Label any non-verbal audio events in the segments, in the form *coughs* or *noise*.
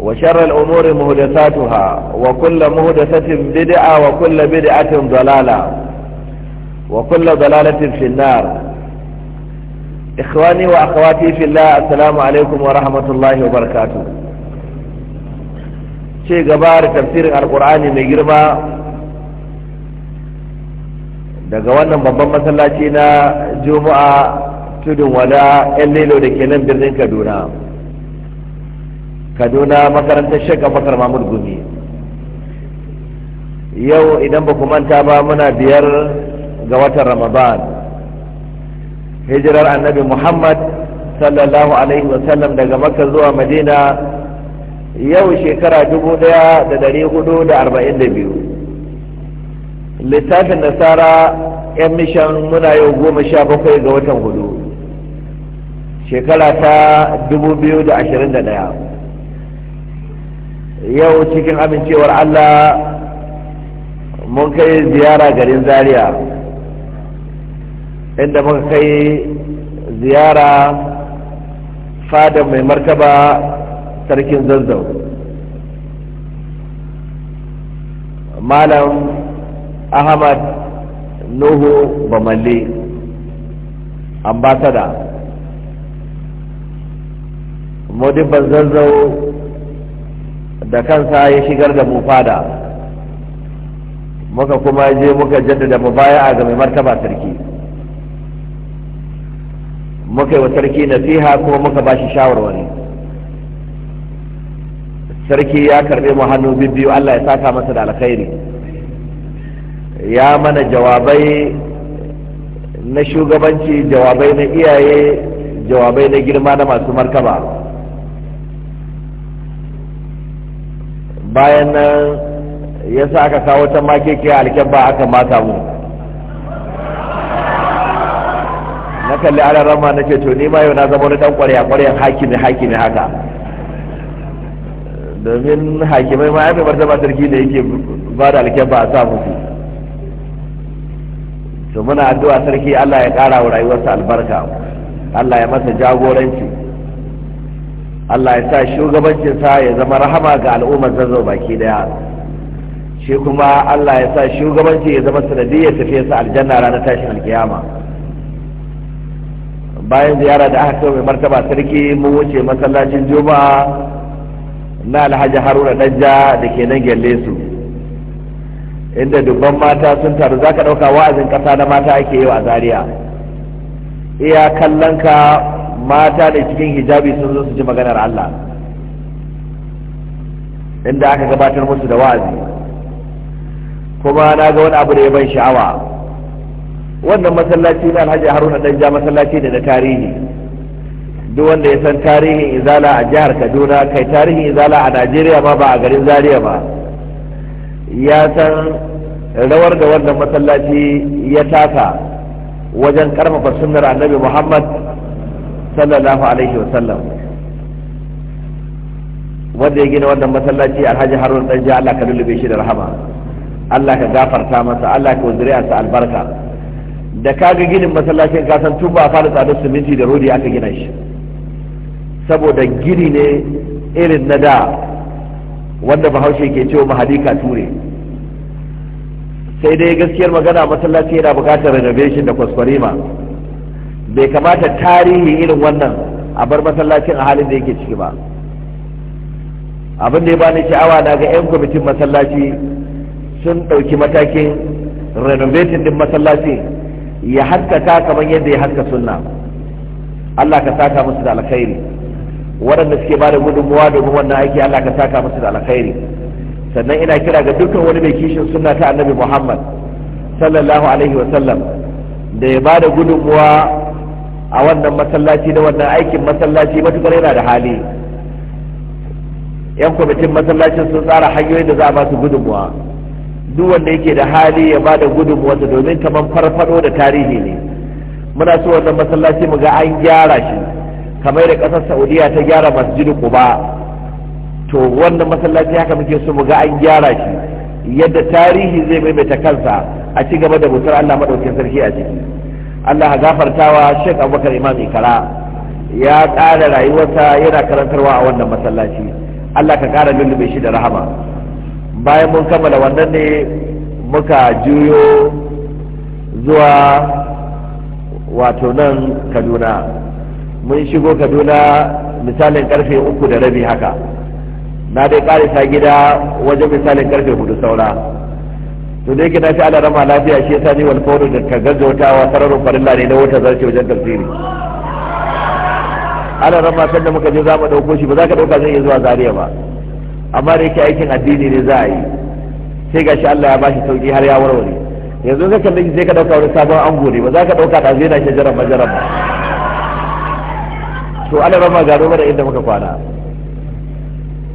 وشر الأمور مهدساتها وكل مهدسة بدعة وكل بدعة ضلالة وكل ضلالة في النار إخواني وأخواتي في الله السلام عليكم ورحمة الله وبركاته شيء قبار تفسير القرآن مجرمة daga wannan babban masallaci na juma'a tudun wada 'yan lilo da ke nan birnin kaduna kaduna makarantar shek bakar mahmud gumi yau idan ba ku manta ba muna biyar ga watan ramadan hijirar annabi muhammad sallallahu alaihi wasallam daga makar zuwa madina yau shekara dubu daya da dari hudu da arba'in da biyu littafin nasara yan mishan muna yau goma sha bakwai ga watan hudu shekara ta dubu biyu da ashirin da daya. yau cikin amincewar Allah mun kai ziyara garin zaria inda muka kai ziyara fada mai martaba sarkin zazzau malam ahmad nuhu bamalle ambasada modibban zazzau da kansa ya shigar da mu fada muka kuma je muka jaddada mu baya a mai martaba sarki muka yi wa sarki nasiha kuma muka ba shi shawarwari sarki ya karbe mu hannu biyu Allah ya saka masa da alkhairi ya mana jawabai na shugabanci jawabai na iyaye jawabai na girma na masu martaba bayan nan ya sa aka kawo ta makeke ba aka mata mu na kalli ana rama na ce to ni ma yau na zama wani dan kwarya kwaryan haki ne haka domin hakimai ma yafi martaba sarki da yake ba da ba a sa musu to muna addu'a sarki Allah ya kara wa rayuwarsa albarka Allah ya masa jagoranci Allah ya sa shugabancinsa ya zama rahama ga al'ummar zazzau baki daya shi kuma Allah ya sa shugabanci ya zama sanadiyyar tafiye sa aljanna ranar tashin alkiyama bayan ziyara da aka kai mai martaba sarki mun wuce masallacin juma'a na alhaji haruna danja da ke nan gyalle su inda dubban mata sun taru za ka ɗauka wa'azin ƙasa na mata ake yi a zaria iya kallon ka mata da cikin hijabi sun zo su ji maganar Allah inda aka gabatar musu da wa'azi kuma na ga wani abu da ya ban sha'awa wannan masallaci na alhaji haruna dan ja masallaci da na tarihi duk wanda ya san tarihin izala a jihar kaduna kai tarihin izala a najeriya ma ba a garin zaria ba ya san rawar da wannan masallaci ya taka wajen karfafa sunnar annabi muhammad sallallahu alaihi wa sallam wanda ya gina wannan masallaci alhaji harun dan ja Allah ka lullube shi da rahama Allah ka gafarta masa Allah ka sa albarka da kaga ginin masallacin ka san tun ba fara tsadar siminti da rodi aka gina shi saboda gini ne irin na da wanda bahaushe ke cewa mahadika ture sai dai gaskiyar magana masallaci yana bukatar renovation da kwaskwarima bai kamata tarihi irin wannan a bar masallacin a halin da yake ciki ba abin da ya bani sha'awa na ga 'yan kwamitin masallaci sun ɗauki matakin renovating din masallaci ya haskaka kamar yadda ya haska sunna Allah ka saka musu da alkhairi waɗanda suke ba da gudunmuwa domin wannan aiki Allah ka saka musu da alkhairi sannan ina kira ga dukkan wani mai kishin sunna ta annabi Muhammad sallallahu alaihi wa sallam da ya ba da gudunmuwa a wannan masallaci da wannan aikin masallaci matukar yana da hali yan kwamitin masallacin sun tsara hanyoyin da za a ba su gudunmuwa duk wanda yake da hali ya ba da gudunmuwarsa domin kamar farfado da tarihi ne muna so wannan masallaci mu ga an gyara shi kamar da ƙasar saudiya ta gyara masjid quba to wannan masallaci haka muke so mu ga an gyara shi yadda tarihi zai maimaita kansa a ci gaba da mutar allah maɗaukin sarki a ciki Allah ha gafartawa Sheikh Abubakar Imam Ikara ya ƙara rayuwarsa yana karantarwa a wannan masallaci Allah ka ƙara lullube shi da rahama bayan mun kammala wannan ne muka juyo zuwa wato nan Kaduna mun shigo Kaduna misalin karfe uku da rabi haka na dai ƙarisa gida wajen misalin karfe hudu saura to da yake na ci ana rama lafiya shi yasa ni wal fawru da ka gaggautawa sararin farilla ne na wata zarce wajen tafsiri ana rama san da muka je za mu dauko shi ba za ka dauka zai iya zuwa zaria ba amma da yake aikin addini ne za a yi sai gashi Allah ya bashi sauki har ya warware yanzu ka kalli sai ka dauka wani sabon ango ne ba za ka dauka da zai na shajaran majaran ba to ana rama ga da inda muka kwana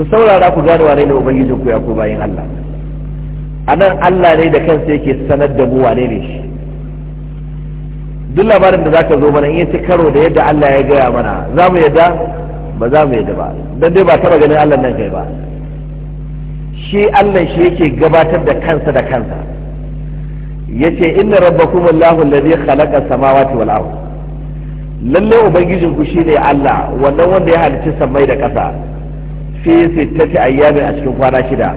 ku saurara ku gane wane ne ubangijin ku ya ko bayin Allah anan Allah ne da kansa yake sanar da mu wane ne shi duk labarin da zaka zo mana in yace karo da yadda Allah ya gaya mana za mu yadda ba za mu yadda ba dan dai ba taba ganin Allah nan kai ba shi Allah shi yake gabatar da kansa da kansa yace inna rabbakum allahu alladhi khalaqa samawati wal ard lalle ubangijin ku shine Allah wannan wanda ya halicci samai da kasa fi sittati ayyamin a cikin kwana shida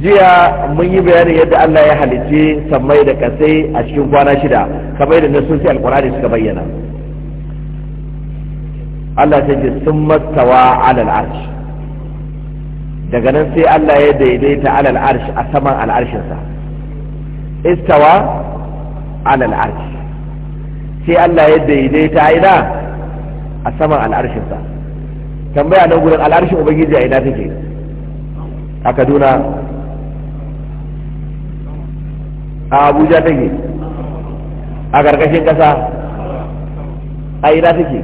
jiya mun yi bayanin yadda Allah ya halicci sammai da kasai a cikin kwana shida kamar yadda nasosi alkurani suka bayyana Allah ta ce sun mastawa alal arsh daga nan sai Allah ya daidaita alal arsh a saman al'arshinsa istawa alal arsh sai Allah ya daidaita aina a saman al'arshinsa tambaya nan gudan al'arshin ubangiji a ina take a kaduna a abuja take a ƙarƙashin ƙasa a ina take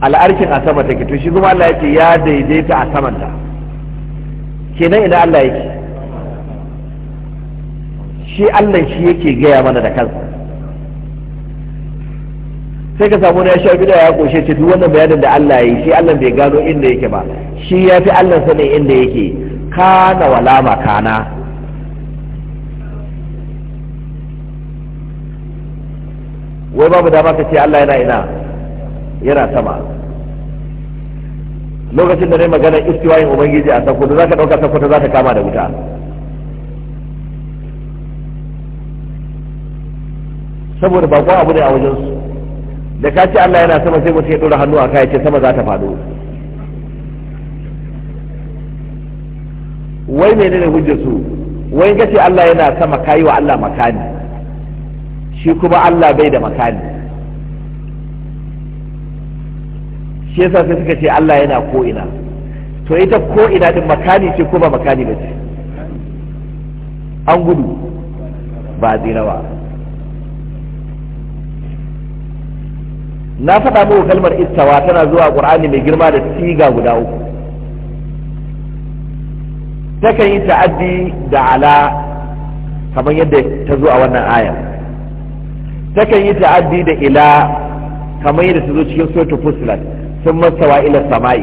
al'arshin a sama take to shi kuma Allah yake ya daidaita a samanta kenan ina Allah yake shi Allah shi yake gaya mana da kansa sai ka samu na sha bida ya koshe ce duk wannan bayanin da Allah ya yi shi Allah bai gano inda yake ba shi ya fi Allah sanin inda yake kana wala makana wai babu dama ka ce Allah yana ina yana sama lokacin da na yi magana istiwayin ubangiji a sakkwato za ka ɗauka sakkwato za ta kama da wuta saboda bakon abu ne a wajensu da ka ce Allah yana sama sai mutum ya ɗora hannu a kai ce sama za ta faɗo wai ne ne hujjar su wai ka ce Allah yana sama yi wa Allah makani shi kuma Allah bai da makani shi yasa sai suka ce Allah yana ko ina to ita ko ina din makani ce ko ba makani ba ce an gudu ba zirawa na faɗa muku kalmar istawa tana zuwa qur'ani mai girma da siga guda uku takan yi ta'addi da ala kamar yadda ta zo a wannan aya takan yi ta'addi da ila kamar yadda ta zo cikin suratul fusilat sun masawa ila sama'i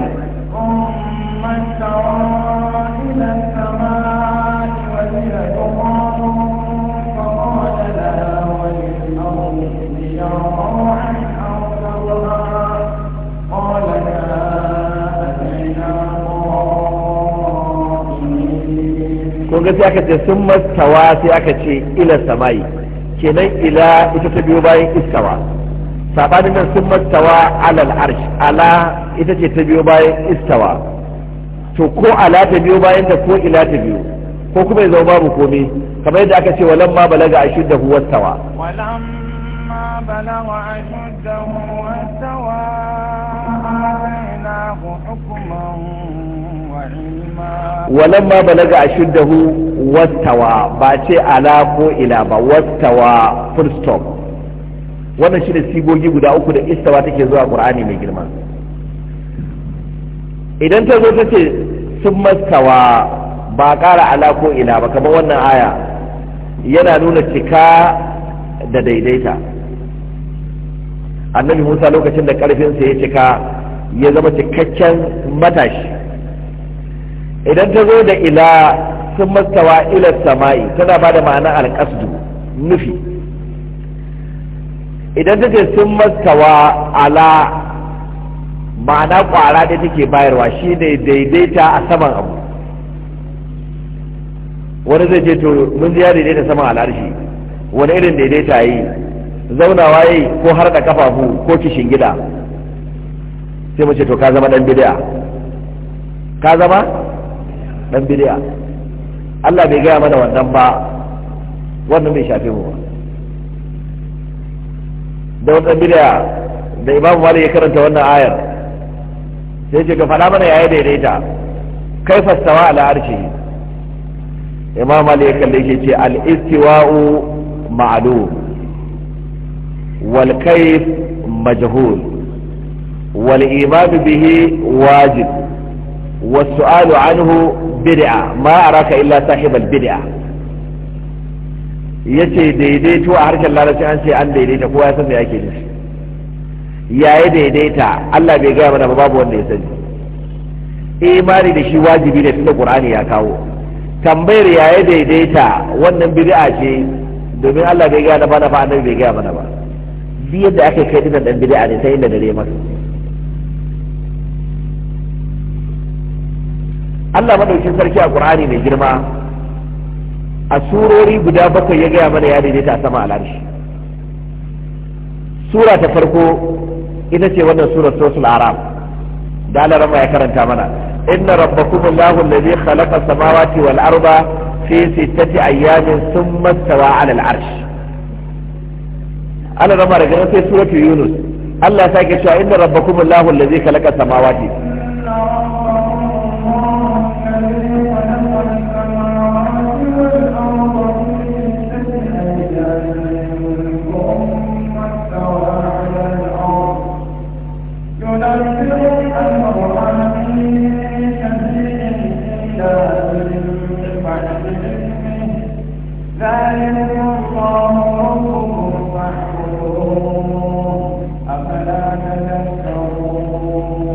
ga sai aka ce sun mastawa sai aka ce ila samai kenan ila ita ta biyo bayan iskawa sabanin nan sun mastawa alal arsh ala ita ce ta biyo bayan iskawa to ko ala ta biyo bayan da ko ila ta biyo ko kuma ya zama babu komai kamar yadda aka ce walamma balaga ashiddahu wastawa ولما بلغ أشده واستوى آتيناه حكما ma balaga ashuddahu wastawa ba ce ala ko ila ba wastawa full stop wannan ne sigogi guda uku da istawa take zuwa qur'ani mai girma idan ta zo ta ce sun mastawa ba ƙara ala ko ila ba kamar wannan aya yana nuna cika da daidaita annabi musa lokacin da ƙarfinsa ya cika ya zama cikakken matashi idan ta zo da ila sun mastawa ila sama'i tana ba da ma'ana alƙasdu nufi idan ta ce sun mastawa ala ma'ana ƙwara da take bayarwa shi ne daidaita a saman abu wani zai ce to mun ziya ya daidaita saman al'arshi wani irin daidaita yi zaunawa yi ko har da kafafu ko kishin gida sai mu ce to ka zama dan bidiya ka zama dan bid'a Allah bai gaya mana wannan ba wannan bai shafe mu ba da wannan bid'a da Imam Malik ya karanta wannan ayar sai ce ka faɗa mana yaya daidaita kai fastawa ala arshi Imam Malik ya kalle shi ce al-istiwa'u ma'lum wal kayf majhul wal iman bihi wajib والسؤال عنه bid'a ma araka illa sahibal bid'a yace daidaito a harshen larabci an ce an daidaita kowa ya san me yake nufi yayi daidaita Allah bai gaya mana babu wanda ya sani imani da shi wajibi ne tunda qur'ani ya kawo tambayar yayi daidaita wannan bid'a ce domin Allah bai gaya mana ba annabi bai gaya mana ba biyar da aka kai dinan dan bid'a ne sai inda dare masa Allah madaukin sarki a Qur'ani mai girma a surori guda bakwai ya gaya mana ya daidaita a sama al'arshi sura ta farko ita ce wannan surar suratul aram da Allah ya karanta mana inna rabbakum allahu alladhi khalaqa samawati wal arda fi sittati ayyamin thumma stawa 'ala al-'arsh Allah rama daga sai suratul yunus Allah ya sake cewa inna rabbakum allahu alladhi khalaqa samawati ذلكم الله ربكم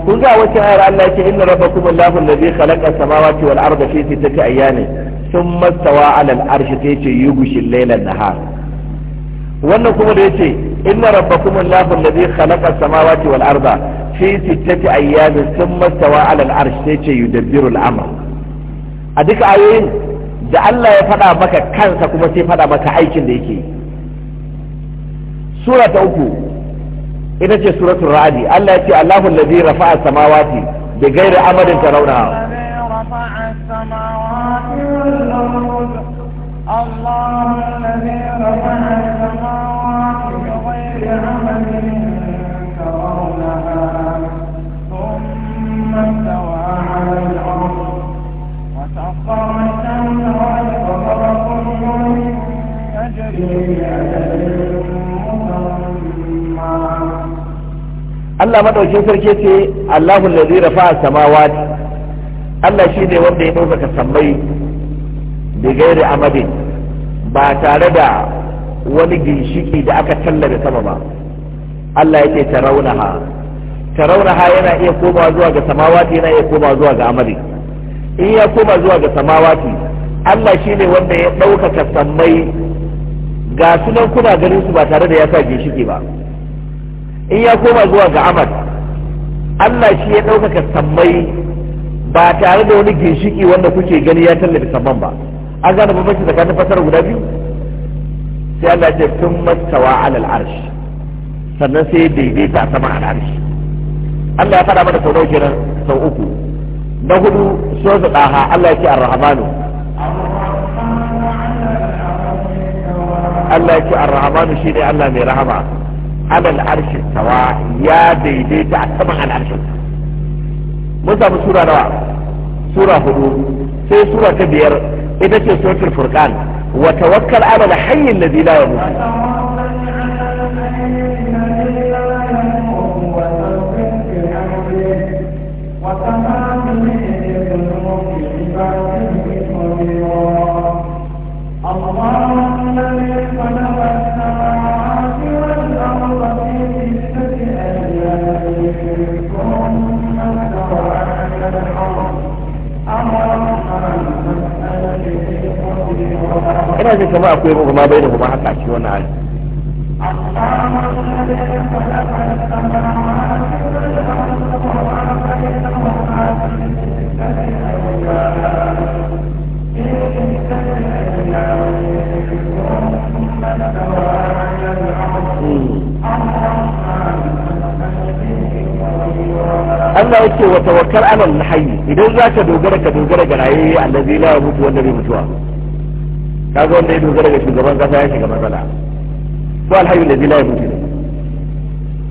kun ga wata ayar Allah yake inna rabbakum Allahu allazi khalaqa as-samawati wal arda fi sittati ayyamin thumma stawa 'ala al-arshi yace yughshi al-layla an-nahar wannan kuma da yace inna rabbakum Allahu allazi khalaqa as-samawati wal arda fi sittati ayyamin thumma stawa 'ala al-arshi yace yudabbiru al-amr a duka ayoyin da Allah ya faɗa maka kansa kuma sai faɗa maka aikin da yake sura ta uku ita ce suratul ra'adi Allah ya ce Allahu allazi rafa'a samawati bi ghairi amadin tarawna الله الذي Allah madaukin sarki ce Allahu allazi rafa'a samawati Allah shi ne wanda ya ɗaukaka sammai da gairi amade ba tare da wani ginshiki da aka talla da sama ba Allah yake tarawunaha tarawunaha yana iya komawa zuwa ga samawati yana iya komawa zuwa ga amade in ya koma zuwa ga samawati Allah shi ne wanda ya ɗaukaka sammai ga sunan kuna ganin su ba tare da ya sa ginshiƙi ba in ya koma zuwa ga amal Allah shi ya ɗaukaka sammai ba tare da wani ginshiƙi wanda kuke gani ya tallafi saman ba an gane bambanci tsakanin fasar guda biyu sai Allah ce sun mastawa alal arshi sannan sai daidaita sama al arsh Allah ya faɗa mana sau nawa kenan sau uku na hudu suratul daha Allah ya ce ar-rahmanu Allah ya ce ar shi ne Allah mai rahama alal arshi tawa ya daidaita a saman al'arshin mun samu sura nawa sura hudu sai sura ta biyar ita ce suratul furqan wa tawakkal ala al-hayy alladhi la yamut ne jin kamar akwai ma bai da kuma haka shi wannan ayi Allah yake wata wakar anan na hayi idan za ka dogara ka dogara ga rayuwa allazi la yamutu wanda bai mutuwa kaga wanda ya dogara ga shugaban kasa ya shiga matsala ko alhaji da zila ya mutu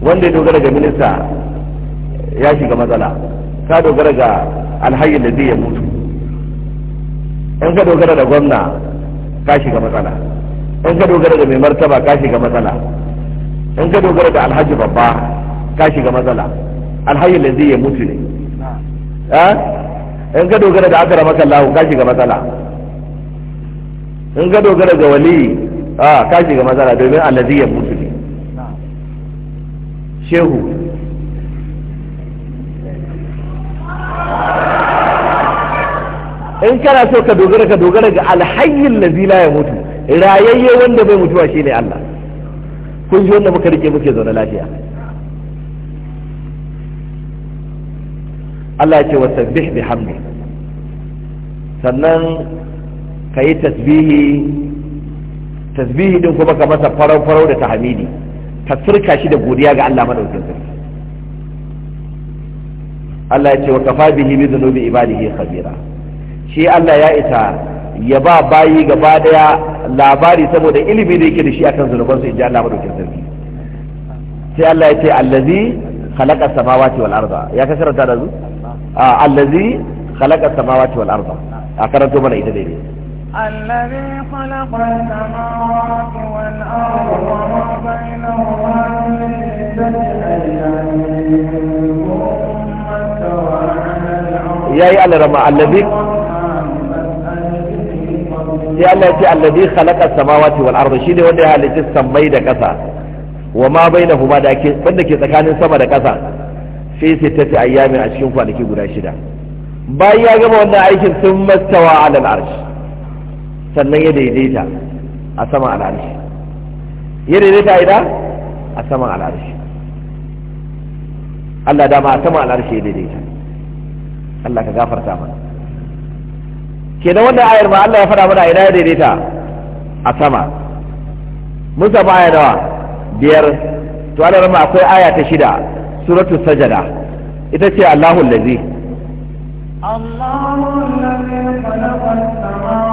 wanda ya dogara ga minista ya shiga matsala ka dogara ga alhaji da zai ya mutu in ka dogara da gwamna ka shiga matsala in ka dogara da mai martaba ka shiga matsala in ka dogara da alhaji babba ka shiga matsala alhaji da zai ya mutu ne eh? in ka dogara da aka ramaka lahu ka shiga matsala in ga dogara ga wali a ka shiga matsala domin allazi ya mutu ne shehu in kana so ka dogara ka dogara ga alhayyin lazi la ya mutu rayayye wanda bai mutuwa shine Allah kun ji wanda muka rike muke zaune lafiya Allah ya ce wasabbih bihamdi sannan ka yi tasbihi tasbihi din kuma ka masa farau farau da tahmidi ka sirka shi da godiya ga Allah madaukakin sarki Allah ya ce wa kafa bihi bi dhunubi ibadihi khabira shi Allah ya isa ya ba bayi gaba daya labari saboda ilimi da yake da shi akan zunuban su inji Allah madaukakin sarki sai Allah ya ce allazi khalaqa samawati wal arda ya kasar karanta da zu ah, allazi khalaqa samawati wal arda a karanto mana ita daidai الذي خلق السماوات والأرض وما بينهما يا يا لرما الذي يا التي الذي خلق السماوات والارض شيء ده وده اللي تسمي ده كذا وما بينهما ده كي بند كي تكاني سما كذا في ستة أيام عشرين فانكي غدا شيء ده بايا جم وانا ثم استوى على العرش sannan ya daidaita a sama al'arshi ya daidaita ida a sama al'arshi Allah dama a sama al'arshi ya daidaita Allah ka gafarta mana kenan wannan ayar ma Allah ya fara mana ina ya daidaita a sama mun samu aya nawa biyar to Allah rama akwai aya ta shida suratul sajada ita ce Allahu allazi Allahu allazi khalaqa as-samawati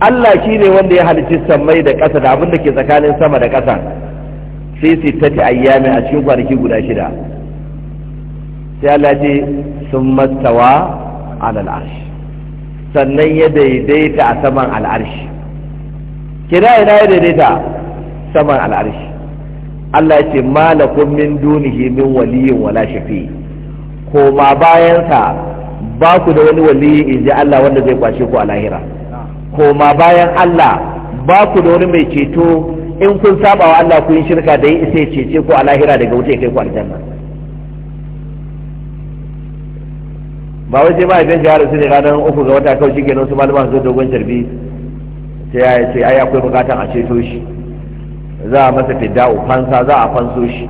Allah shi ne wanda ya halicci sammai da ƙasa da abin da ke tsakanin sama da ƙasa sai sittati ayyami a cikin kwanaki guda shida sai Allah ce sun mastawa alal arshi sannan ya daidaita a saman al'arshi kira ina ya daidaita saman al'arshi Allah ce malakun min dunihi min waliyin wala shafi ko ma bayansa ba ku da wani waliyi in ji Allah wanda zai kwashe ku a lahira koma bayan Allah ba ku da wani mai ceto in kun saba wa Allah kun shirka da yi isa ya cece ku a lahira daga wuce ya kai ku aljanna ba wai sai ba idan jihar su ne ranar uku ga wata kawai shi su malama su dogon jarbi sai ya ce ai akwai bukatan a ceto shi za a masa fidda'u fansa za a fanso shi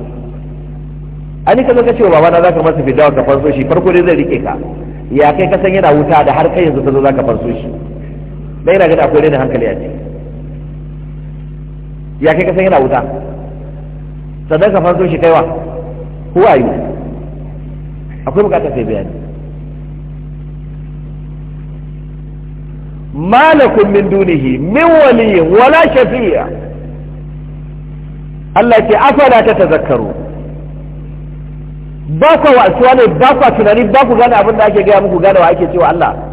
kaza ka zaka cewa babana ka masa fidda'u ka fanso shi farko dai zai rike ka ya kai ka san yana wuta da har kai yanzu ka zo ka fanso shi dai yana gada akwai da hankali a ciki ya kai kasan yana wuta sannan ka farko shi kaiwa who are you akwai bukatar sai bayani malakun min dunihi min waliyin wala shafi'a Allah ke afala ta tazakkaru ba ku wasuwa ne ba ku tunani ba ku gane abin da ake gaya muku gane wa ake cewa Allah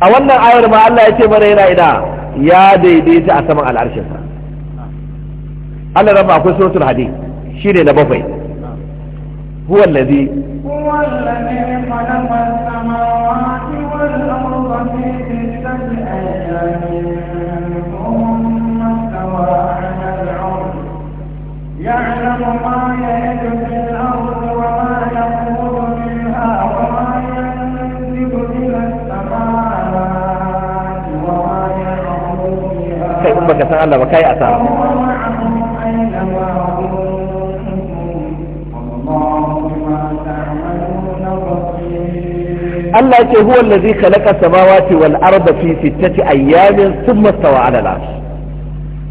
a wannan ayar ma Allah ya ce mana yana ina ya daidaita a saman al'arshinsa Allah rama akwai suratul hadi shine na bakwai huwa allazi baka san Allah ba kai asara Allah ce huwa allazi khalaqa samawati wal arda fi sittati ayyamin thumma stawa ala al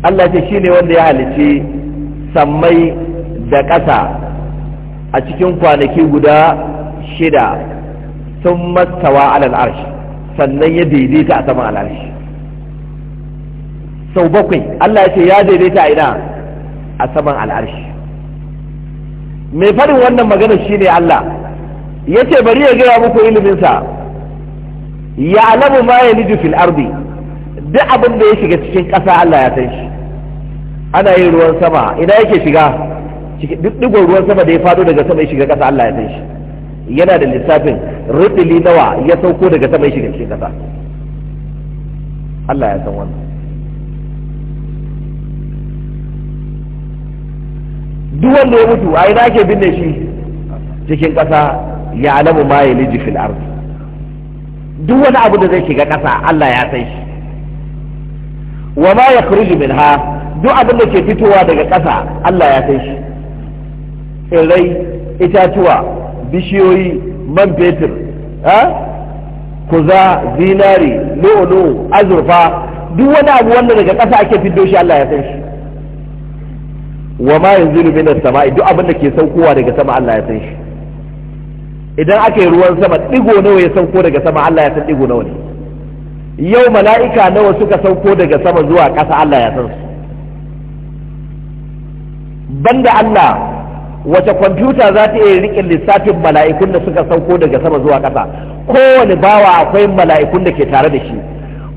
Allah ce shine wanda ya halici sammai da ƙasa a cikin kwanaki guda shida sun mastawa alal arshi sannan ya daidaita a saman al'arshi sau bakwai Allah ya ce ya daidaita a ina a saman al'arshi mai farin wannan magana shine Allah ya ce bari ya gaya muku iliminsa ya alamu ma ya niji fil ardi duk abin da ya shiga cikin ƙasa Allah ya san shi ana yin ruwan sama ina yake shiga duk digon ruwan sama da ya fado daga sama ya shiga ƙasa Allah ya san shi yana da lissafin rubili nawa ya sauko daga sama ya shiga cikin ƙasa Allah ya san wannan duk wanda ya mutu a ina ake binne shi cikin ƙasa ya alamu ma ya liji fil ardi duk wani abu da zai shiga ƙasa Allah ya san shi wa ma ya kuri jimin ha duk abin da ke fitowa daga ƙasa Allah ya san shi tsirrai itatuwa bishiyoyi man fetur kuza zinari lo'olo azurfa duk wani abu wanda daga ƙasa ake fito shi Allah ya san shi wa ma yanzilu as sama'i duk abin da ke saukowa daga sama Allah ya san shi idan aka yi ruwan sama digo nawa ya sauko daga sama Allah ya san digo nawa ne yau mala'ika nawa suka sauko daga sama zuwa ƙasa Allah ya san su banda Allah wace kwamfuta za ta iya riƙe lissafin mala'ikun da suka sauko daga sama zuwa ƙasa kowane bawa akwai mala'ikun da ke tare da shi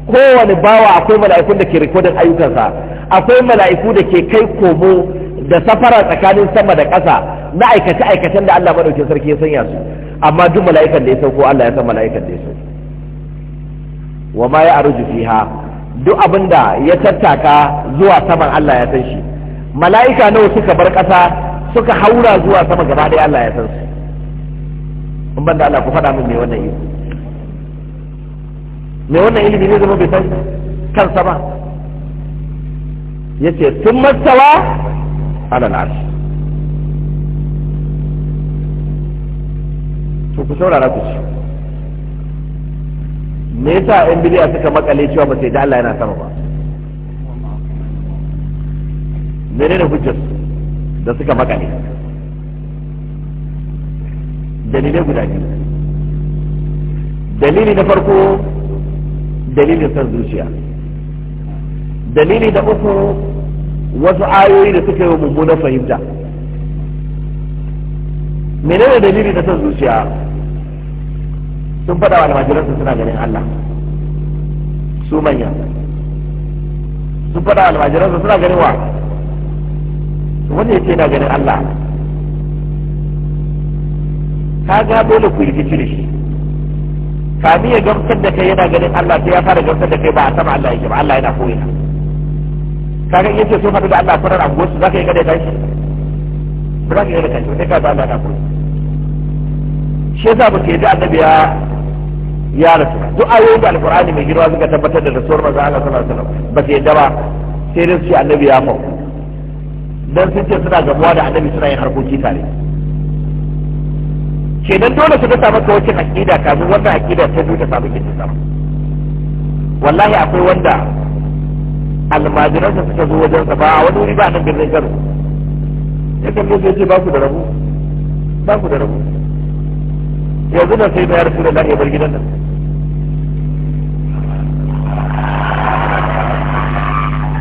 kowane bawa akwai mala'ikun da ke rikodin ayyukansa akwai mala'iku da ke kai komo da safara tsakanin sama da ƙasa na aikace aikacen da Allah madaukin sarki ya sanya su amma duk mala'ikan da ya sauko Allah ya san mala'ikan da ya sauko wa ma ya arju fiha duk abinda ya tattaka zuwa saman Allah ya san shi mala'ika nawa suka bar ƙasa suka haura zuwa sama gaba ɗaya Allah ya san su in banda Allah ku faɗa min me wannan ilimi me wannan ilimi ne zama bai san kansa ba yace tun mastawa على العرش to ku saurara ku ci me yasa yan bidiya suka makale cewa ba da Allah yana sama ba menene hujjar da suka makale dalilai guda biyu dalili na farko dalilin san zuciya dalili da uku wasu ayoyi da suka yi wa mummunan fahimta menene dalili na son zuciya sun faɗa wa almajiransu suna ganin Allah su manya sun faɗa wa almajiransu suna ganin wa wanda ya ce na ganin Allah ka ga dole ku rikici da shi kami ya gamsar da kai yana ganin Allah sai ya fara gamsar da kai ba a sama Allah yake ba Allah yana koyi kaga in yace sun haɗu da Allah kurar anguwar su zaka yi kada tashi ba zaka yi kada tashi sai ka ba Allah na kuma shi yasa ba ke da annabi ya ya rasu duk ayoyin da alqur'ani mai girma suka tabbatar da rasul manzo Allah sallallahu alaihi wasallam ba ke da ba sai dai shi annabi ya mu dan sun ce suna gamuwa da annabi suna yin harkoki tare ke dan dole su ta maka wacce aqida kafin wannan aqida ta duka samu kin ta wallahi akwai wanda almajiran da suka zo wajen sa ba wani wuri ba nan birnin Kano ya kallo sai ce ba ku da rabu ba ku da rabu yanzu da sai na ya da lahi bar gidan nan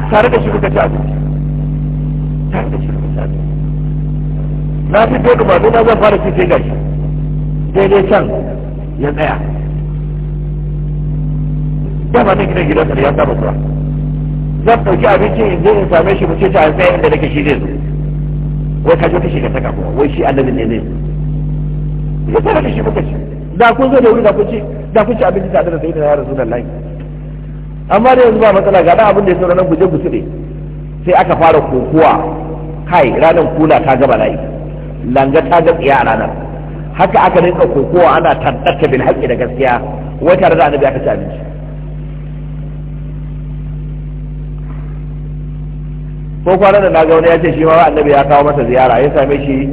tare da shi kuka ci abu tare da shi kuka ci abinci na fi ko dumadu na zan fara ci sai gashi daidai can ya tsaya dama ne gidan gidan ya saba zuwa zan ɗauki abincin in je in same shi mu ce ta tsaye inda nake shi zai zo wai ka zo ka shiga saka kuma wai shi annabin ne zai zo ya tsara da shi muka ci da kun zo da wuri da kun ci da kuci abinci tare da sai da ya rasu da amma da yanzu ba matsala ga da abin da ya saura nan guje guje ne sai aka fara kokowa kai ranar kula ta gaba layi langa ta ga tsaya a ranar haka aka rinka kokowa ana tantatta bil haƙƙi da gaskiya wai tare da annabi aka ci abinci ko kwanan da na ga wani ya ce shi ma annabi ya kawo masa ziyara ya same shi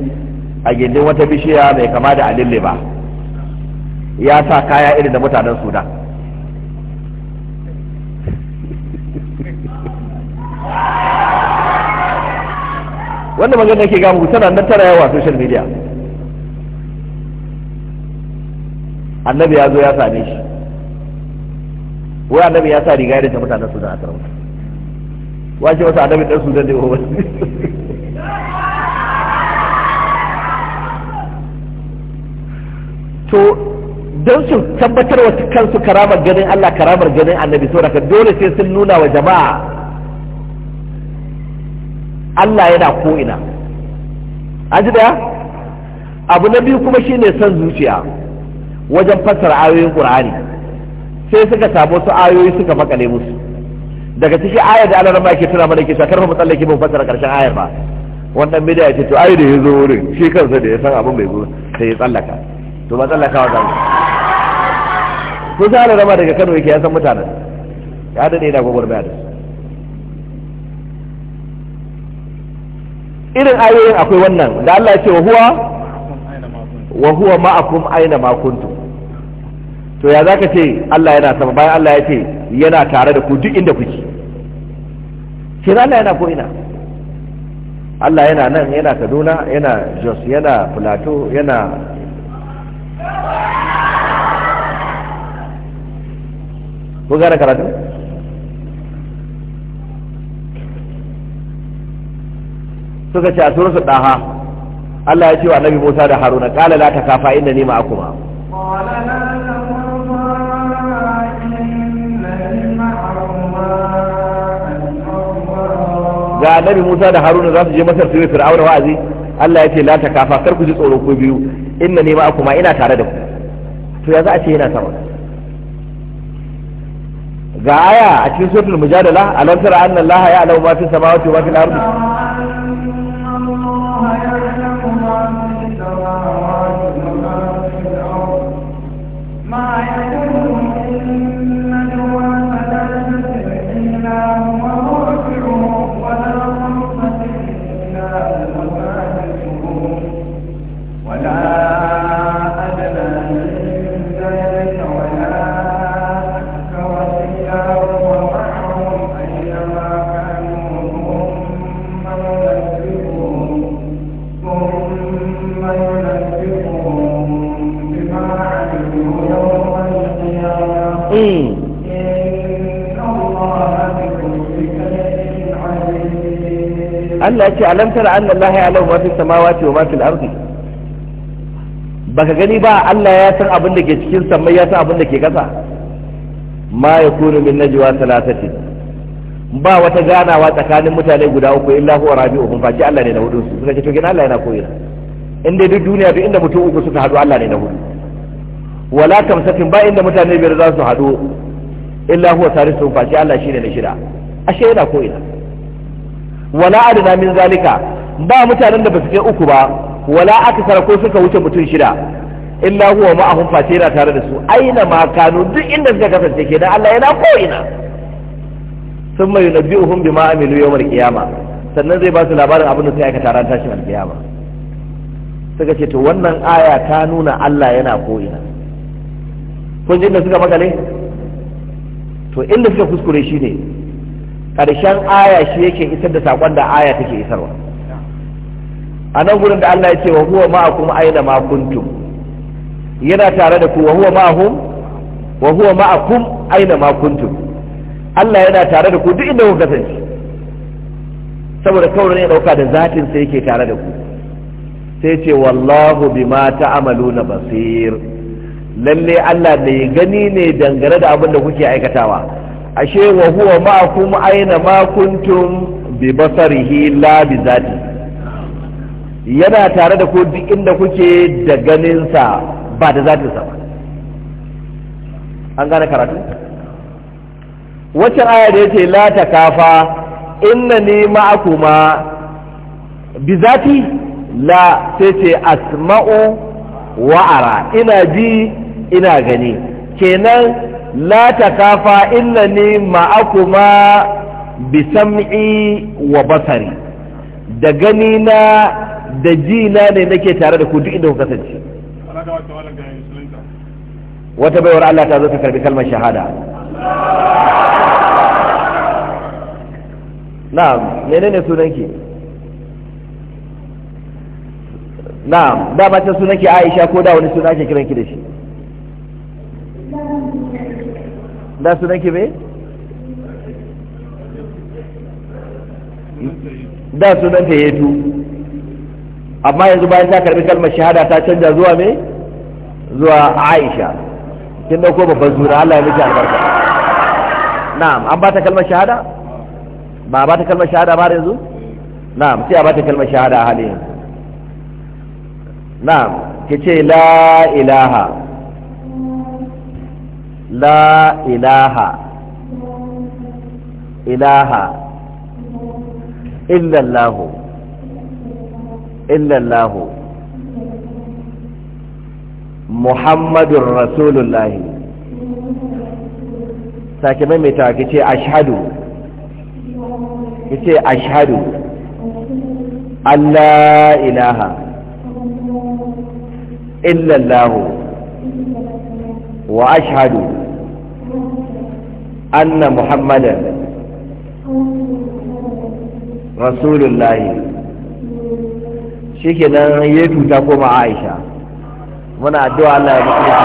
a gindin wata bishiya mai kama da alilliba ya sa kaya irin da mutanen sudan wanda magana ke gamu tana nan tana yawa social media annabi ya zo ya same shi wai annabi ya sa riga da ta mutanen sudan a sarauta wace wasu adabi ɗan su da wasu. to don su tabbatar wa kansu karamar ganin Allah karamar ganin annabi to daga dole sai sun nuna wa jama'a Allah yana ko'ina an ji daya abu na biyu kuma shine son zuciya wajen fassara ayoyin ƙur'ani sai suka samu su ayoyi suka makale musu daga cikin ayar da Allah ke tuna mana ke shakar mu tsallake mu fasara karshen ayar ba wannan bid'a ya ce to ai da ya zo wurin shi kansa da ya san abin bai zo sai ya tsallaka to ba tsallaka wa kansa ko sai ala rama daga Kano yake ya san mutanen ya ne da gogor da irin ayoyin akwai wannan da Allah ya ce wa huwa wa huwa ma'akum aina ma kuntum to ya zaka ce Allah yana sama bayan Allah ya ce yana tare da ku duk inda kuke kira Allah yana ko ina Allah yana nan yana Kaduna yana Jos yana Plateau yana ko karatu suka ce a suratul daha Allah ya ce wa Annabi Musa da Haruna qala la takafa innani ma'akuma qala la ga annabi Musa da Haruna za su je Masar su yi Fir'auna wa'azi Allah ya ce la ta kafa kar ku ji tsoro ko biyu inna ni kuma ina tare da ku to ya za a ce yana sama ga aya a cikin suratul mujadala alam tara anna allaha ya'lamu ma fi samawati wa ma fil ardi Allah ya ce alam tara anna Allah ya alama ma fi samawati wa ma fil ardi baka gani ba Allah ya san abin da ke cikin samai ya san abin da ke kasa ma kunu min najwa thalathati ba wata ganawa tsakanin mutane guda uku illa huwa rabi'uhum fa Allah ne na hudu su suka ce to gina Allah yana koyi inda duk duniya duk inda mutum uku suka hadu Allah ne na hudu wala kamsatin ba inda mutane biyar za su hadu illa huwa sarisu fa Allah shine na shida ashe yana koyi wala adana min zalika ba mutanen da basu kai uku ba wala akthara ko suka wuce mutum shida illa huwa ma'ahum fatira tare da su aina ma kanu duk inda suka kasance kenan Allah yana ko ina thumma bi bima amilu yawmal qiyamah sannan zai ba su labarin abin da suka aikata ran tashin alkiyama suka ce to wannan aya ta nuna Allah yana ko ina kun ji inda suka makale to inda suka kuskure shine ƙarshen aya shi yake isar da saƙon da aya take isarwa a nan gurin da Allah ya ce wa huwa ma'akum aina ma kuntum yana tare da ku wa huwa ma'ahum wa huwa ma'akum aina ma kuntum Allah yana tare da ku duk inda kuka kasance saboda kawai ne dauka da zatin sai yake tare da ku sai ce wallahu bima ta'maluna basir lalle Allah ne gani ne dangane da abin da kuke aikatawa ashe wa huwa ma'akum aina ma kuntum bi basarihi la bi zati yana tare da ku duk inda kuke da ganin sa ba da zatin sa an gane karatu wacce aya da yace la takafa innani ma'akuma bi zati la sai ce asma'u wa ara ina ji ina gani kenan la takafa innani ma'akuma bi sam'i wa basari da gani na da ji na ne nake tare da ku duk inda ku kasance wata baiwar Allah ta zo ta karbi kalmar shahada na'am menene sunanki na'am da ba ta sunanki Aisha ko da wani suna ake ki da shi da su nake bai da sunanta ya tu amma yanzu bayan ta karbi kalmar shahada ta canja zuwa me zuwa aisha kin dauko babban suna Allah ya miki albarka na'am an ba ta kalmar shahada ba ba ta kalmar shahada ba yanzu na'am sai a ba ta kalmar shahada a halin na'am ce la ilaha la ilaha ilaha illallahu illallahu muhammadun rasulullahi sake maimaita ki ce ashadu ki ce ashadu allah ilaha illallahu wa وأشهد أن محمدا رسول الله shikenan ya tuta ko ma Aisha muna addu'a Allah ya ta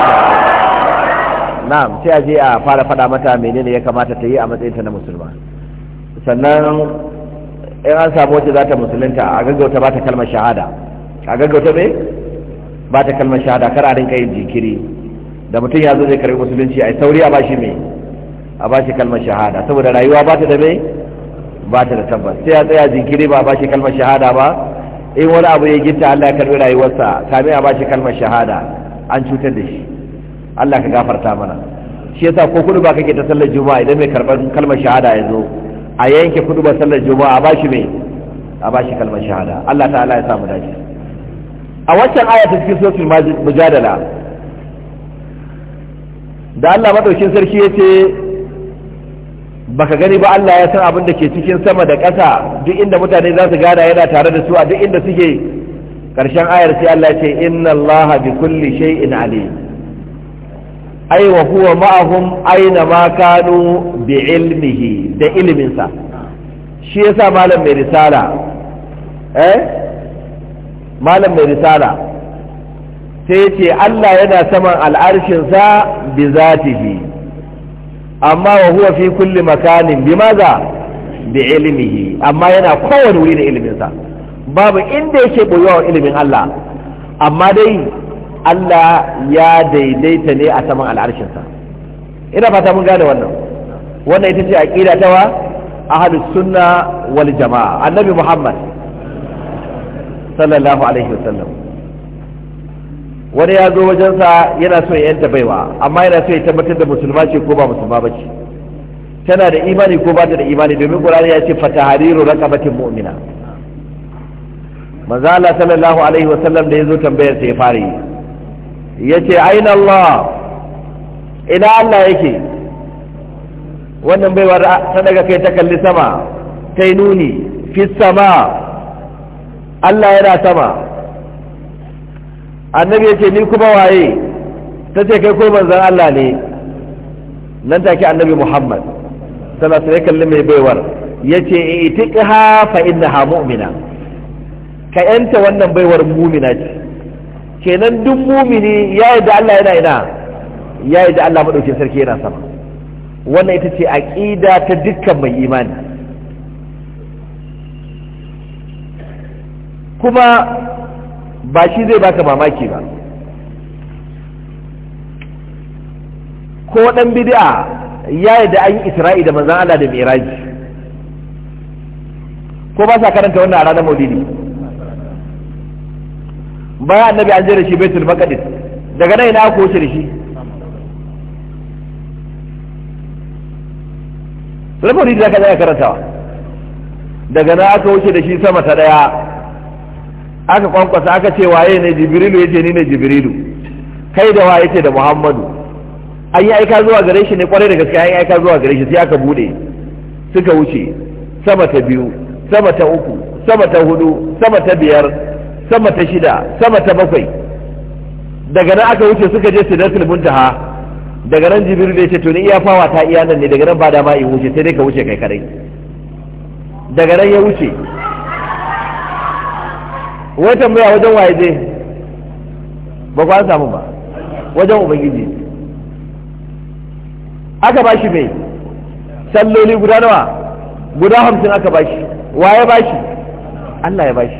na'am sai a je a fara fada mata menene ya kamata ta yi a matsayin ta na musulma sannan in an samu wacce za ta musulunta a gaggauta ba ta kalmar shahada a gaggauta me ba ta kalmar shahada kar a rinka yin jinkiri. da mutum ya zo zai karbi musulunci a sauri a bashi mai a bashi kalmar shahada saboda rayuwa ba ta da mai ba ta da tabbas sai ya tsaya jinkiri ba a bashi kalmar shahada ba in wani abu ya ginta Allah ya karbi rayuwarsa kame a bashi kalmar shahada an cutar da shi Allah ka gafarta mana shi yasa ko kudu ba kake ta sallar juma'a idan mai karɓar kalmar shahada ya zo a yanke kudu ba sallar juma'a a bashi mai a bashi kalmar shahada Allah ta'ala ya samu dace a waccan aya ta cikin suratul mujadala da Allah madaukin sarki ya ce baka gani ba Allah ya san abin da ke cikin sama da ƙasa duk inda mutane za su gada yana tare da su a duk inda suke ƙarshen ayar sai Allah ce inna Allah bi kulli shay'in alim ai wa huwa ma'ahum aina ma kanu bi ilmihi da ilmin sa shi yasa malam mai risala eh malam mai risala sai ya ce Allah yana saman al'arshinsa bi zatihi amma wa huwa fi kulli makanin bi maza bi ilmihi amma yana kowane wuri da iliminsa babu inda yake boyewa ilimin Allah amma dai Allah ya daidaita ne a saman al'arshinsa ina fata mun gane wannan wannan ita ce aqida tawa ahlus sunna wal jamaa annabi Muhammad sallallahu alaihi wasallam wani ya zo wajensa yana so ya yanta baiwa amma yana so ya tabbatar da musulma ce ko ba musulma ba ce tana da imani ko ba ta da imani domin kurani ya ce hariru raka batin mu'mina Maza Allah sallallahu alaihi wa sallam da zo tambayar sa ya fara yi yace aina Allah ina Allah yake wannan baiwa ta daga kai ta kalli sama ta nuni fi sama Allah yana sama annabi ya ce ni kuma waye ta ce kai ko manzan Allah ne nan ke annabi Muhammad sallallahu alaihi wasallam mai baiwar yace itiqha fa innaha mu'mina ka yanta wannan baiwar mu'mina ce kenan duk mu'mini ya da Allah yana ina ya da Allah madaukin sarki yana sama wannan ita ce aqida ta dukkan mai imani kuma ba shi zai baka mamaki ba ko dan bid'a ya yadda an yi isra'i da manzan Allah da miraji ko ba sa karanta wannan a ranar maulidi bayan annabi an je da shi baitul maqdis daga nan ina aka wuce da shi ranar maulidi zaka zai karantawa daga nan aka wuce da shi sama ta daya aka kwankwasa aka ce waye ne jibrilu yace ni ne jibrilu kai da waye ce da muhammadu an yi ka zuwa gare shi ne kwarai da gaske an yi aika zuwa gare shi sai aka bude suka wuce sama ta biyu sama ta uku sama ta hudu sama ta biyar sama ta shida sama ta bakwai daga nan aka wuce suka je sidratul muntaha daga nan jibrilu ya ce to ni iya fawa ta iya nan ne daga nan ba da ma in wuce sai dai ka wuce kai kadai daga nan ya wuce wai tambaya wajen waye je ba ku an samu ba wajen ubangiji aka ba shi mai salloli guda nawa guda hamsin aka ba shi waye ba shi Allah ya ba shi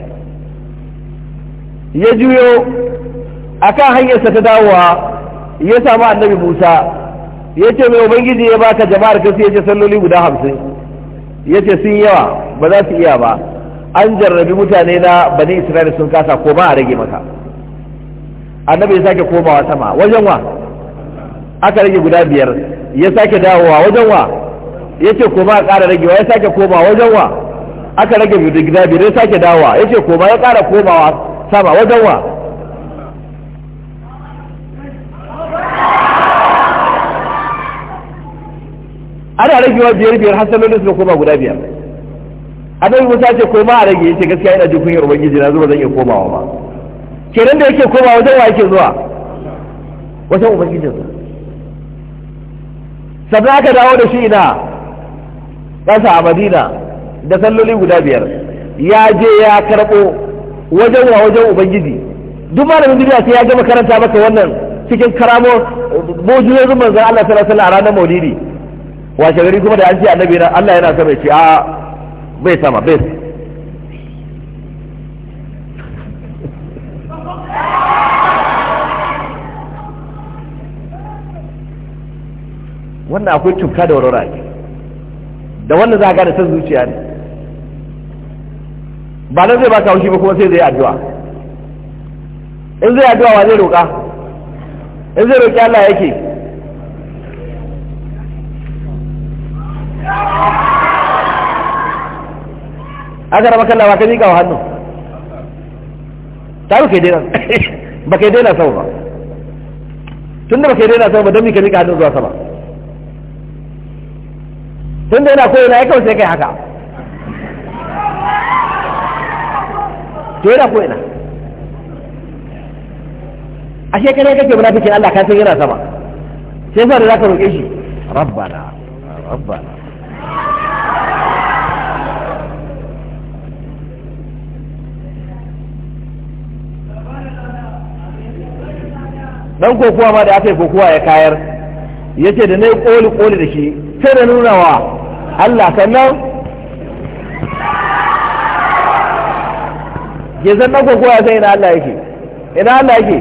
ya juyo akan hanyarsa ta dawowa ya samu annabi Musa ya ce mai ubangiji ya baka jama'ar kasu ya ce salloli guda hamsin ya ce sun yawa ba za su iya ba an jarrabi mutane na bani isra'ila sun kasa ko ba a rage maka annabi ya sake komawa sama wajen wa aka rage guda biyar ya sake dawowa wajen wa ya ce koma a ƙara ragewa ya sake komawa wajen wa aka rage guda biyar ya sake dawowa ya ce koma ya ƙara komawa sama wajen wa ana ragewa biyar biyar hasalolin su koma guda biyar annabi Musa ce ko ma a rage yace gaskiya ina jin kunyar ubangiji na zuba zan iya komawa ba kenan da yake komawa wajen wa yake zuwa wajen ubangijinsa sabu aka dawo da shi ina ƙasa a madina da salloli guda biyar ya je ya karɓo wajen wa wajen ubangiji duk da mun duniya sai ya gama karanta maka wannan cikin karamo mujizozin manzan Allah sallallahu alaihi wasallam a ranar maulidi washe gari kuma da an ce annabi Allah yana sama ya ce a'a bai sama bai wannan akwai cuka da warwara ne da wannan za a gane ta zuciya ne ba nan zai baka haushi ba kuma sai zai yi addu'a in zai yi addu'a wa zai roƙa in zai roƙi Allah yake aka rama kalla ba ka miƙa wa hannu ta kai daina *coughs* ba kai daina sama ba tun da ba kai daina sama ba don mika miƙa hannu zuwa sama tun da yana koyi na ya kawai sai kai haka to yana koyi na a shekara kake munafikin Allah ka san yana sama sai sa da ka roƙe shi rabbana rabbana dan kokuwa ma da aka yi kokuwa ya kayar yace da nayi koli koli da shi sai da nuna wa Allah sannan ke san dan kokuwa ya sai ina Allah yake ina Allah yake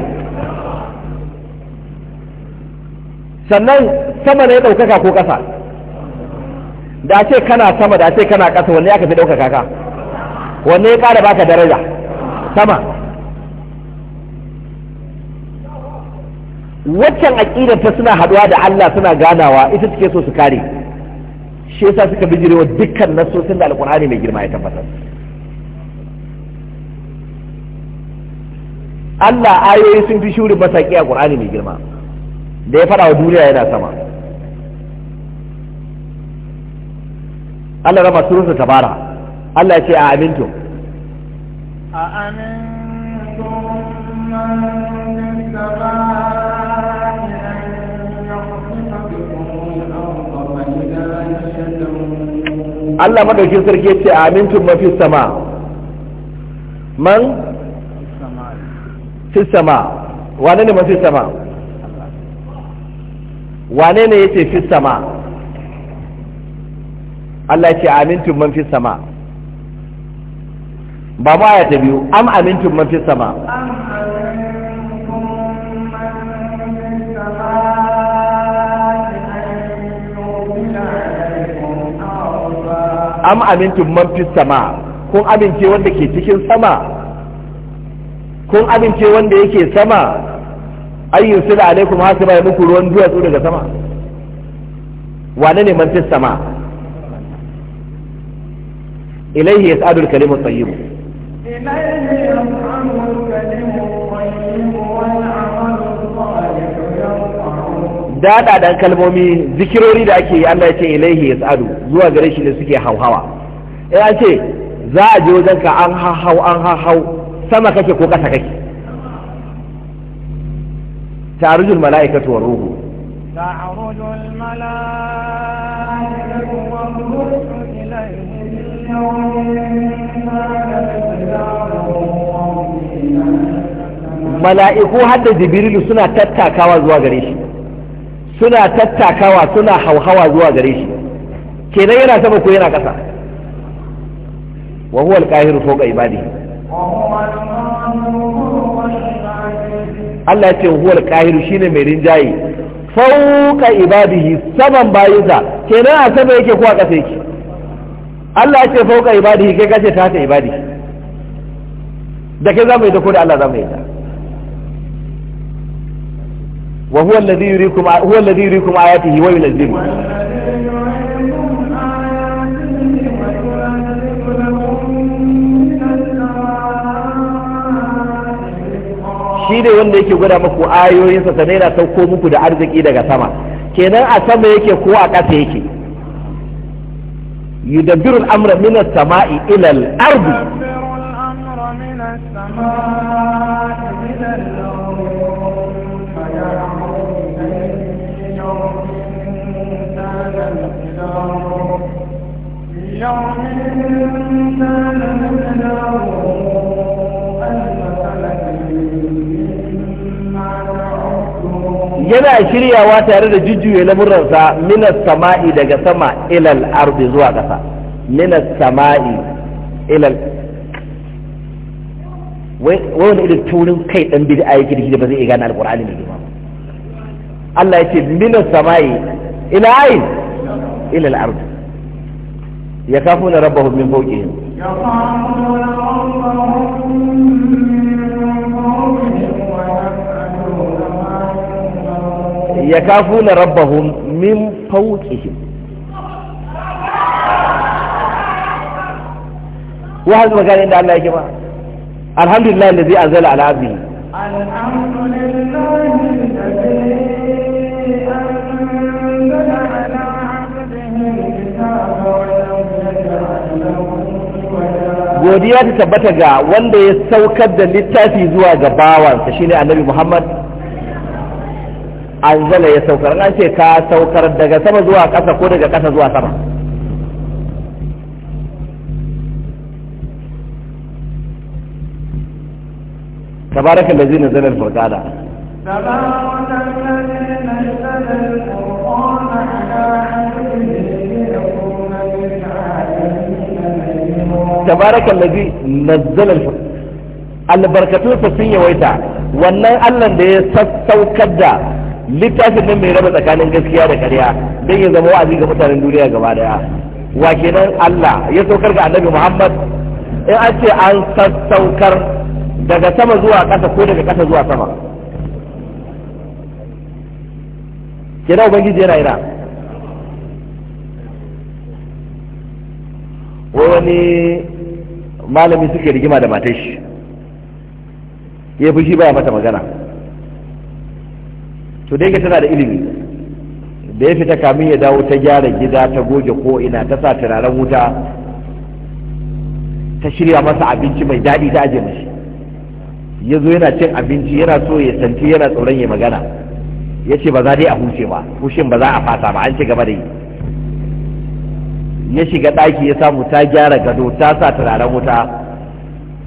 sannan sama ne daukaka ko kasa da ce kana sama da ce kana kasa wanne aka fi daukaka ka wanne ya kara baka daraja sama waccan aƙidar ta suna haduwa da Allah suna ganawa ita take so su kare shi yasa suka bijirewa dukkan nasosin da alqur'ani mai girma ya tabbatar Allah ayoyi sun fi shuri masaki a Qur'ani mai girma da ya fada wa duniya yana sama Allah rama ta tabara Allah ya ce a amintu. a amin Allah madaukin sarki ya ce amintun mafi sama man fi sama wane ne mafi sama wane ne ya ce fi sama Allah ya ce amintun man sama ba ma ya ta biyu am amintun man fi sama am amintum man fis sama kun amince wanda ke cikin sama kun amince wanda yake sama ayyun sila alaikum hasiba ya muku ruwan duwatsu daga sama wane ne man fis sama ilaihi yas'adul kalimut tayyib ilaihi dada dan kalmomi zikirori da ake yi Allah ya ce ilaihi yas'adu zuwa gare shi ne suke hauhawa eh an ce za a je wajen ka an hahau an hahau sama kake ko kasa kake ta'arujul mala'ikatu war ruhu ta'arujul mala'ikatu war ruhu ilaihi mala'iku hadda jibrilu suna tattakawa zuwa gare shi suna tattakawa suna hauhawa zuwa gare shi kenan yana sama ko yana ƙasa wa huwa alqahiru fawqa ibadihi Allah ya ce huwa alqahiru shine mai rinjaye fawqa ibadihi saman bayinsa kenan a sama yake ko a ƙasa yake Allah ya ce fawqa ibadihi kai kace ta ta ibadi da kai zamu yi da ko da Allah zamu yi ta وهو الذي يريكم هو الذي يريكم آياته وينزل shi ne wanda yake gwada muku ayoyinsa sanai na sauko muku da arziki daga sama kenan a sama yake ko a ƙasa yake yi da amra min na samai ilal ardi yana shiryawa tare da jujjuye lamuransa minas sama'i daga sama ilal ardi zuwa ƙasa minas sama'i ilal wai wani irin turin kai dan bid'a yake da shi da ba zai iya gane alqur'ani ne ba Allah ya ce minas sama'i ila ayin ilal ardi yakafuna rabbahum min fawqihim يكافون ربهم من فوقهم وهذا المكان عند الله يا جماعه الحمد لله الذي انزل على عبده الحمد godiya ta tabbata ga wanda ya saukar da littafi zuwa ga bawansa shine annabi Muhammad an zala ya saukar an ce ka saukar daga sama zuwa ƙasa ko daga ƙasa zuwa sama tabaraka lazina zanar furqana tabarakan lazi nazzalar ta sun yawaita wannan allan da ya sassaukar da littafin nan mai raba tsakanin gaskiya da karya don ya zama wa'azi ga mutanen duniya gaba daya wa kenan allah ya saukar ga annabi muhammad in an ce an sassaukar daga sama zuwa ƙasa ko daga ƙasa zuwa sama kenan ubangiji yana yana wani malami suke rigima da matai shi ya fi shi baya mata magana to dai tana da ilimi da ya fita kamin ya dawo ta gyara gida ta goge ko ina ta sa turaren wuta ta shirya masa abinci mai daɗi ta aje mashi ya zo yana cin abinci yana so ya santi yana tsoron ya magana ya ce ba za dai a huce ba hushin ba za a fasa ba an ci gaba da yi ya shiga ɗaki ya samu ta gyara gado ta sa turaren wuta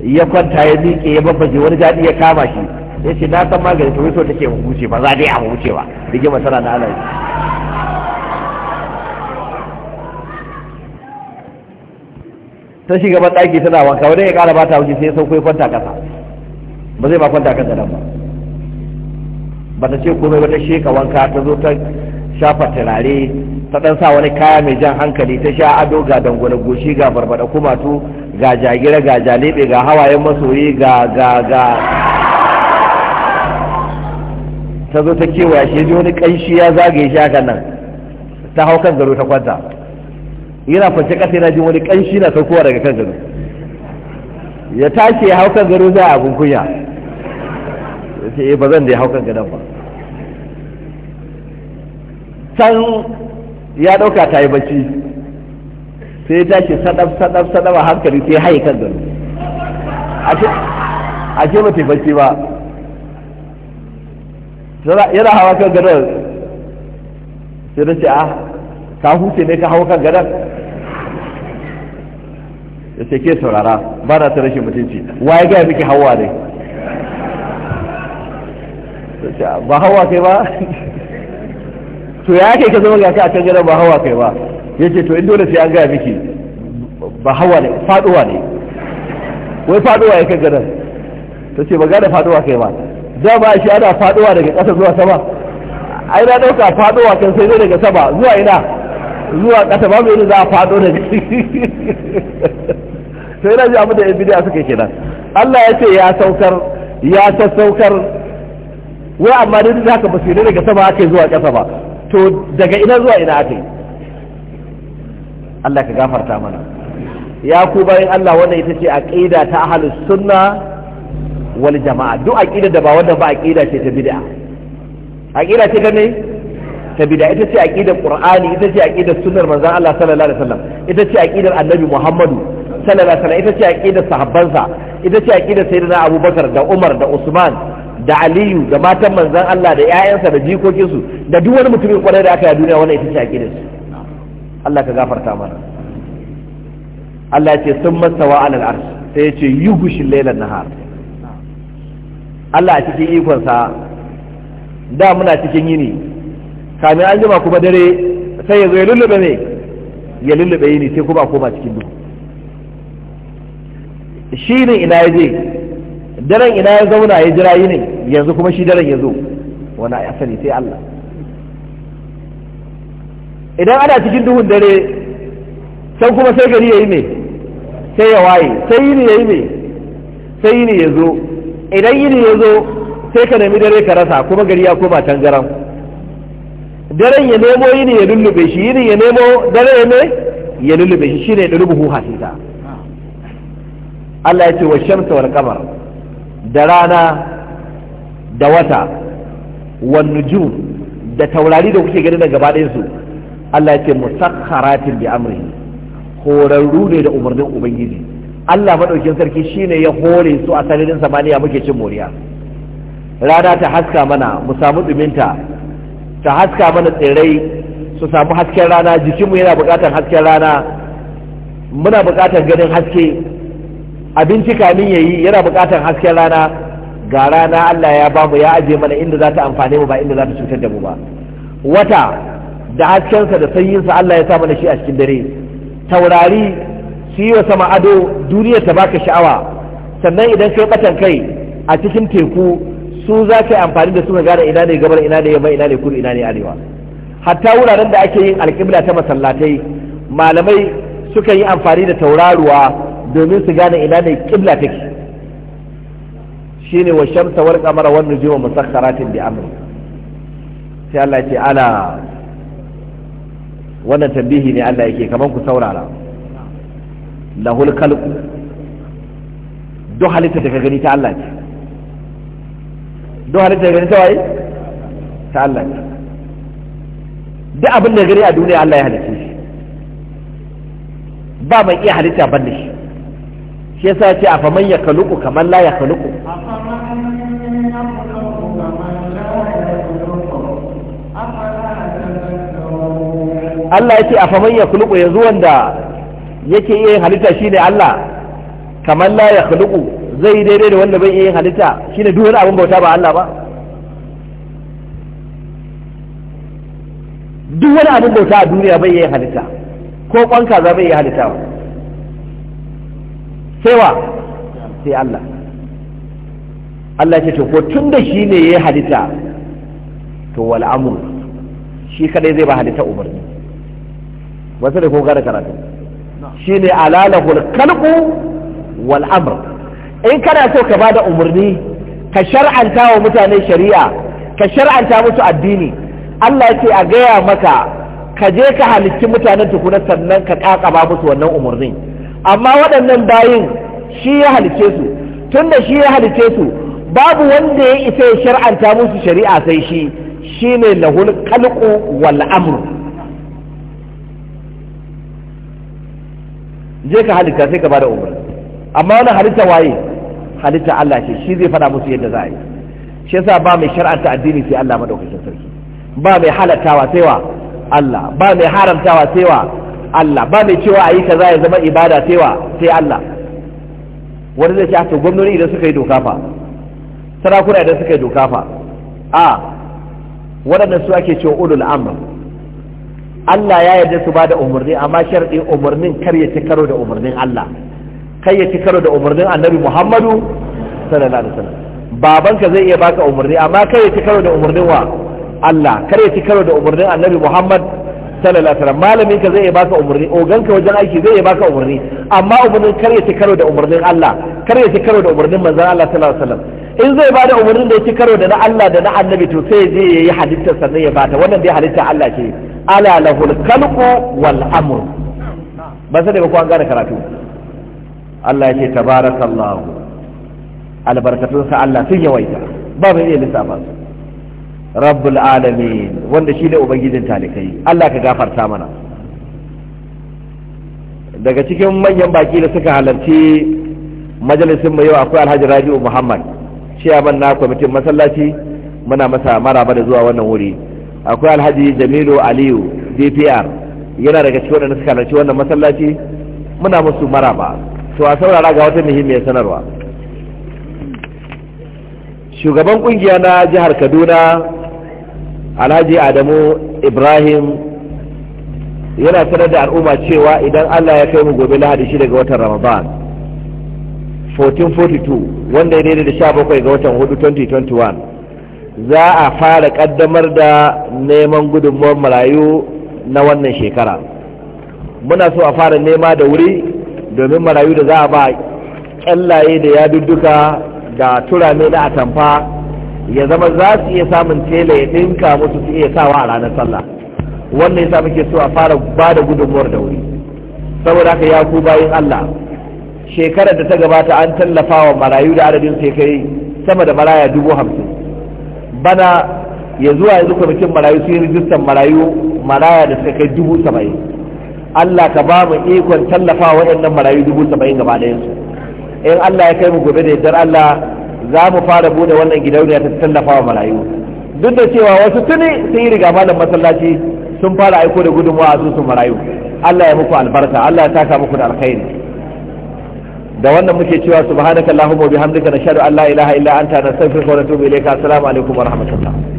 ya kwanta ya miƙe ya babbaje wani jaɗi ya kama shi ya ce na san magani to so take mu wuce ba za dai a wuce ba rigima tana na alaji ta shiga ba ɗaki tana wanka wani ya ƙara ba ta wuce sai ya sauko ya kwanta ƙasa ba zai ba kwanta kan da ba ba ta ce komai ba ta sheka wanka ta zo ta shafa turare ta dan sa wani kaya mai jan hankali ta sha ado ga dangwale goshi ga barbada kumatu ga jagira ga jalebe ga hawayen masoyi ga ga ga ta zo ta kewaya shi ji wani kanshi ya zage shi haka nan ta hau kan garo ta kwanta yana kwance kasa yana jin wani kanshi na saukowa daga kan garo ya tashi ya hau kan garo za a gunkunya kunya ya ce eh, ba zan da ya hau kan gadon ba can ya ɗauka ta yi bacci sai ta tashi sadaf sadaf sadaf a hankali sai haye kan gano a ce ba ta yi bacci ba yana hawa kan gano sai ta ce ah ka huce ne ka hawa kan gano ya ce ke saurara ba na ta rashin mutunci wa ya gaya miki hawa ne ba hawa kai ba to ya kai ka zama gaka a can gadon ba hawa kai ba ya ce to in dole sai an gaya miki ba hawa ne faduwa ne wai faduwa ya kan gadon ta ce ba gane faduwa kai ba Za dama shi ana faduwa daga ƙasa zuwa sama A na ɗauka faduwa kan sai dai daga sama zuwa ina zuwa ƙasa ba mai za a fado daga sai ina ji abin da yin bidiyar suka kenan Allah ya ce ya saukar ya sassaukar wai amma dai da haka ba su daga sama ake zuwa ƙasa ba to daga ina zuwa ina aka yi Allah ka gafarta mana ya ku bayan Allah wannan ita ce aqida ta ahlus sunna wal jama'a duk aqida da ba wanda ba aqida ce ta bid'a aqida ce ta me ta bid'a ita ce aqidar qur'ani ita ce aqidar sunnar manzon Allah sallallahu alaihi wasallam ita ce aqidar annabi Muhammadu sallallahu alaihi wasallam ita ce aqidar sahabbansa ita ce aqidar sayyidina Abubakar da Umar da Usman da aliyu da matan manzan Allah da 'ya'yansa da jikokinsu da duk wani mutumin kwarai da aka yi duniya wannan ita ce akidar su Allah ka gafarta mana Allah ya ce sun masawa alal arsu sai ya ce yugushi lailan nahar Allah a cikin ikonsa da muna cikin yini kami an jima kuma dare sai ya zo ya lullube ne ya lullube yini sai kuma koma cikin duhu shi ne ina ya je daren ina ya zauna ya jira yi ne yanzu kuma shi daren ya zo wani asali sai Allah idan ana cikin duhun dare can kuma sai gari ya yi ne sai ya waye sai yini ya yi ne sai yini ya zo idan yini ya zo sai ka nemi dare ka rasa kuma gari ya koma can garan daren ya nemo yini ya lullube shi yini ya nemo dare ya ne ya lullube shi shine ya dubu hasita Allah ya ce wa shamsa wal qamar da rana da wata wan ju da taurari da kuke gani da gaba su Allah ya ce musakharatin bi amri, horarru ne da umarnin ubangiji Allah madaukin sarki shine ya hore su a sanadin samaniya muke cin moriya rana ta haska mana mu samu duminta ta haska mana tsirrai su samu hasken rana jikinmu yana buƙatar hasken rana muna buƙatar ganin haske abinci kamin yi, yana buƙatar hasken rana ga rana Allah ya bamu ya ajiye mana inda za ta amfane mu ba inda za ta cutar da mu ba wata da haskensa da sanyinsa Allah ya sa mana shi a cikin dare taurari su yi wa sama ado duniya ta baka sha'awa sannan idan kai batan kai a cikin teku su za ka amfani da su ga gane ina ne gabar ina ne yamma ina ne kudu ina ne arewa hatta wuraren da ake yin alƙibla ta masallatai malamai suka yi amfani da tauraruwa domin su gane ina ne kibla take shine wa shamsa wal qamara wan nujuma musakhkharatin bi amri sai Allah ya ce ala wannan tambihi ne Allah yake kaman ku saurara lahul khalq duk halitta daga gani ta Allah ce duk halitta daga gani ta waye ta Allah ce duk abin da gani a duniya Allah ya halitta shi ba mai iya halitta ban da shi shi yasa ce a faman ya kaluku kamar la ya kaluku Allah yake a faman ya kaluku yanzu wanda yake iya halitta shine Allah kamar la ya kaluku zai daidai da wanda bai iya halitta shine duk wani abin bauta ba Allah ba duk wani abin bauta a duniya bai iya halitta ko kwanka za bai iya halitta ba sai sai Allah Allah ce to ko tun da shi ne ya halitta to wal shi kadai zai ba halitta umarni wasu da ko gara karatu shi ne alalahul kalku wal amr in kana so ka ba da umarni ka shar'anta wa mutane shari'a ka shar'anta musu addini Allah ce a gaya maka ka je ka halitti mutanen tukuna sannan ka kakaba musu wannan umarnin amma waɗannan bayin shi ya halice su tun da shi ya halice su babu wanda ya isa ya shar'anta musu shari'a sai shi shi ne lahul kalku wal amru je ka halitta sai ka bada umarni amma wani halitta waye halitta Allah ce shi zai faɗa musu yadda za a yi shi yasa ba mai shar'anta addini sai Allah madaukakin sarki ba mai halattawa sai wa Allah ba mai haramtawa sai wa Allah ba mai cewa a yi kaza ya zama ibada sai wa sai Allah wani zai ce ah, to gwamnoni idan suka yi doka fa sarakuna idan suka yi doka fa a waɗannan su ake cewa ulul amr Allah ya yarda su ba da umarni amma sharɗi umarnin kar ya ci karo da umarnin Allah kai ya ci karo da umarnin Annabi Muhammadu sallallahu alaihi wasallam babanka zai iya baka umarni amma kar ya ci karo da umarnin wa Allah kar ya ci karo da umarnin Annabi Muhammad sallallahu alaihi malamin ka zai iya baka umarni ogan ka wajen aiki zai iya baka umarni amma umarnin kar ya ci karo da umarnin Allah kar ya ci karo da umarnin manzon Allah sallallahu alaihi wasallam in zai bada umarnin da ya ci karo da na Allah da na annabi to sai je yayi halitta sannan ya bata wannan dai halitta Allah ce ala lahul khalqu wal amr ba sai ba ko an gane karatu Allah ya ce tabarakallahu sa Allah sun yawaita ba mai iya lissafa su rabbul alamin wanda shi ne ubangijin talikai Allah ka gafarta mana daga cikin manyan baki da suka halarci majalisin mai yau akwai alhaji rabi'u muhammad ciyaman na kwamitin masallaci muna masa maraba da zuwa wannan wuri akwai alhaji jamilu aliyu dpr yana daga cikin wadanda suka halarci wannan masallaci muna musu maraba to a saurara ga wata muhimmiyar sanarwa shugaban kungiya na jihar kaduna alhaji adamu ibrahim yana sanar da al'umma cewa idan allah ya kai mu gobe lahadi shi daga watan ramadan 1442 wanda ya daida da bakwai ga watan hudu 2021 za a fara kaddamar da neman gudunmuwan marayu na wannan shekara muna so a fara nema da wuri domin marayu da za a ba kyallaye da yadudduka da turame na atamfa ya zama za su iya samun tela ya ɗinka musu su iya sawa a ranar sallah wannan yasa muke so a fara ba da gudunmuwar da wuri saboda haka ya ku bayan Allah shekarar da ta gabata an tallafa wa marayu da adadin sai kai sama da maraya dubu hamsin bana ya zuwa yanzu kwamitin marayu sun yi rijistar marayu maraya da suka kai dubu saba'in Allah ka ba mu ikon tallafa wa waɗannan marayu dubu saba'in gaba su in Allah ya kai mu gobe da yadda Allah za mu fara bude wannan gidauniya ta tallafa wa marayu duk da cewa wasu tuni sun yi riga malam masallaci sun fara aiko da gudunmawa a su marayu Allah ya muku albarka Allah ya taka muku da alkhairi da wannan muke cewa subhanaka allahumma bihamdika nashhadu an la ilaha illa anta nastaghfiruka wa natubu ilayka assalamu alaikum wa rahmatullah